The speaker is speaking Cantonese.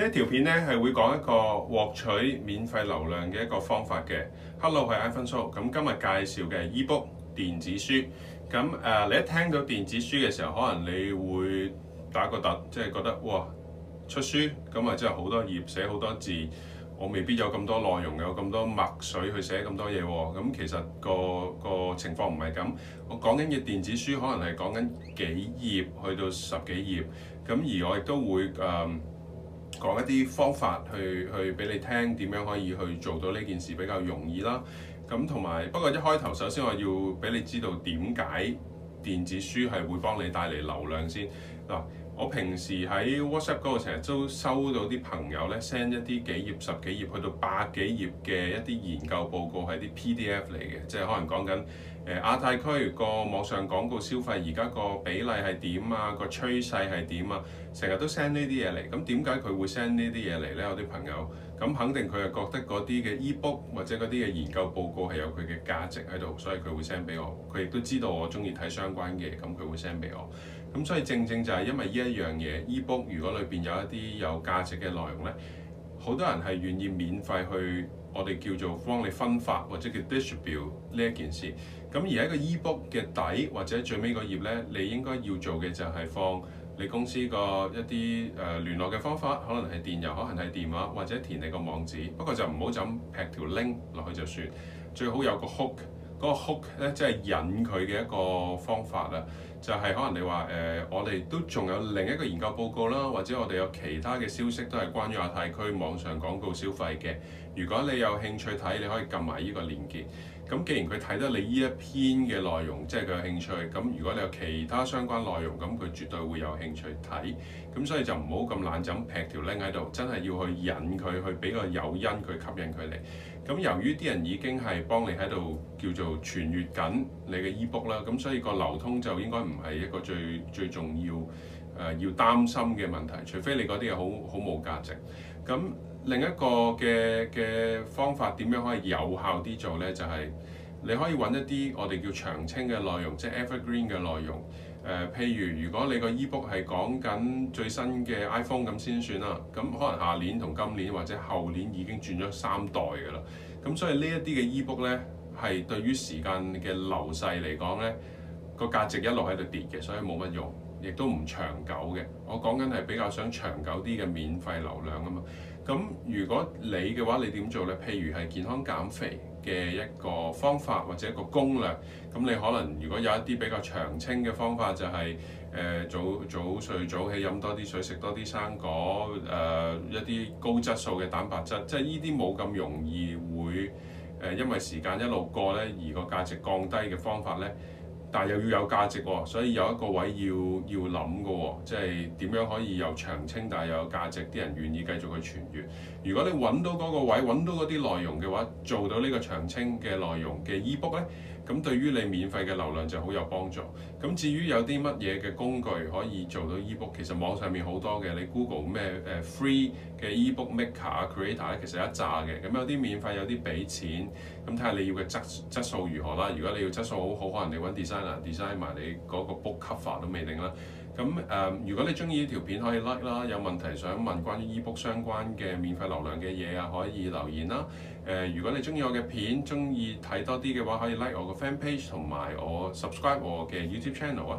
條呢一條片咧係會講一個獲取免費流量嘅一個方法嘅。Hello，係 iPhone 叔。咁今日介紹嘅係 ebook 電子書。咁誒、呃，你一聽到電子書嘅時候，可能你會打個突，即係覺得哇出書咁啊，即係好多頁寫好多字，我未必有咁多內容，有咁多墨水去寫咁多嘢喎。咁其實個個情況唔係咁。我講緊嘅電子書可能係講緊幾頁去到十幾頁，咁而我亦都會誒。呃講一啲方法去去俾你聽，點樣可以去做到呢件事比較容易啦。咁同埋不過一開頭，首先我要俾你知道點解電子書係會幫你帶嚟流量先嗱。我平時喺 WhatsApp 嗰度成日都收到啲朋友咧 send 一啲幾頁、十幾頁去到百幾頁嘅一啲研究報告係啲 PDF 嚟嘅，即係可能講緊誒、呃、亞太區個網上廣告消費而家個比例係點啊，個趨勢係點啊，成日都 send 呢啲嘢嚟。咁點解佢會 send 呢啲嘢嚟咧？有啲朋友咁肯定佢係覺得嗰啲嘅 ebook 或者嗰啲嘅研究報告係有佢嘅價值喺度，所以佢會 send 俾我。佢亦都知道我中意睇相關嘅，咁佢會 send 俾我。咁所以正正就係因為呢一樣嘢，ebook 如果裏邊有一啲有價值嘅內容呢，好多人係願意免費去我哋叫做幫你分發或者叫 distribute 呢一件事。咁而喺個 ebook 嘅底或者最尾個頁咧，你應該要做嘅就係放你公司個一啲誒聯絡嘅方法，可能係電郵，可能係電話，或者填你個網址。不過就唔好就咁劈條 link 落去就算，最好有個 hook。嗰個 hook 咧，即係引佢嘅一個方法啦。就係可能你話誒、呃，我哋都仲有另一個研究報告啦，或者我哋有其他嘅消息都係關於亞太區網上廣告消費嘅。如果你有興趣睇，你可以撳埋呢個鏈結。咁既然佢睇得你呢一篇嘅內容，即係佢有興趣，咁如果你有其他相關內容，咁佢絕對會有興趣睇。咁所以就唔好咁懶，就咁劈條 link 喺度，真係要去引佢去俾個誘因，去吸引佢嚟。咁由於啲人已經係幫你喺度叫做傳閱緊你嘅 ebook 啦，咁所以個流通就應該。唔係一個最最重要誒、呃、要擔心嘅問題，除非你嗰啲嘢好好冇價值。咁另一個嘅嘅方法點樣可以有效啲做咧？就係、是、你可以揾一啲我哋叫長青嘅內容，即係 evergreen 嘅內容。誒、呃，譬如如果你個 ebook 係講緊最新嘅 iPhone 咁先算啦。咁可能下年同今年或者後年已經轉咗三代㗎喇。咁所以、e、呢一啲嘅 ebook 咧，係對於時間嘅流逝嚟講咧。個價值一路喺度跌嘅，所以冇乜用，亦都唔長久嘅。我講緊係比較想長久啲嘅免費流量啊嘛。咁如果你嘅話，你點做呢？譬如係健康減肥嘅一個方法或者一個攻略，咁你可能如果有一啲比較長青嘅方法，就係、是、誒、呃、早早睡早起飲多啲水，食多啲生果，誒、呃、一啲高質素嘅蛋白質，即係呢啲冇咁容易會、呃、因為時間一路過呢，而個價值降低嘅方法呢。但又要有價值喎，所以有一個位要要諗嘅喎，即係點樣可以有長青，但係又有價值，啲人願意繼續去傳閱。如果你揾到嗰個位，揾到嗰啲內容嘅話，做到呢個長青嘅內容嘅 ebook 呢。咁對於你免費嘅流量就好有幫助。咁至於有啲乜嘢嘅工具可以做到 ebook，其實網上面好多嘅。你 Google 咩誒 free 嘅 ebook maker 啊 creator 其實一紮嘅。咁有啲免費，有啲俾錢。咁睇下你要嘅質素質素如何啦。如果你要質素好好，可能你揾 designer design 埋你嗰個 book cover 都未定啦。咁誒、嗯，如果你中意呢條片，可以 like 啦。有問題想問關於 ebook 相關嘅免費流量嘅嘢啊，可以留言啦。誒、呃，如果你中意我嘅片，中意睇多啲嘅話，可以 like 我個 fan page 同埋我 subscribe 我嘅 YouTube channel 啊。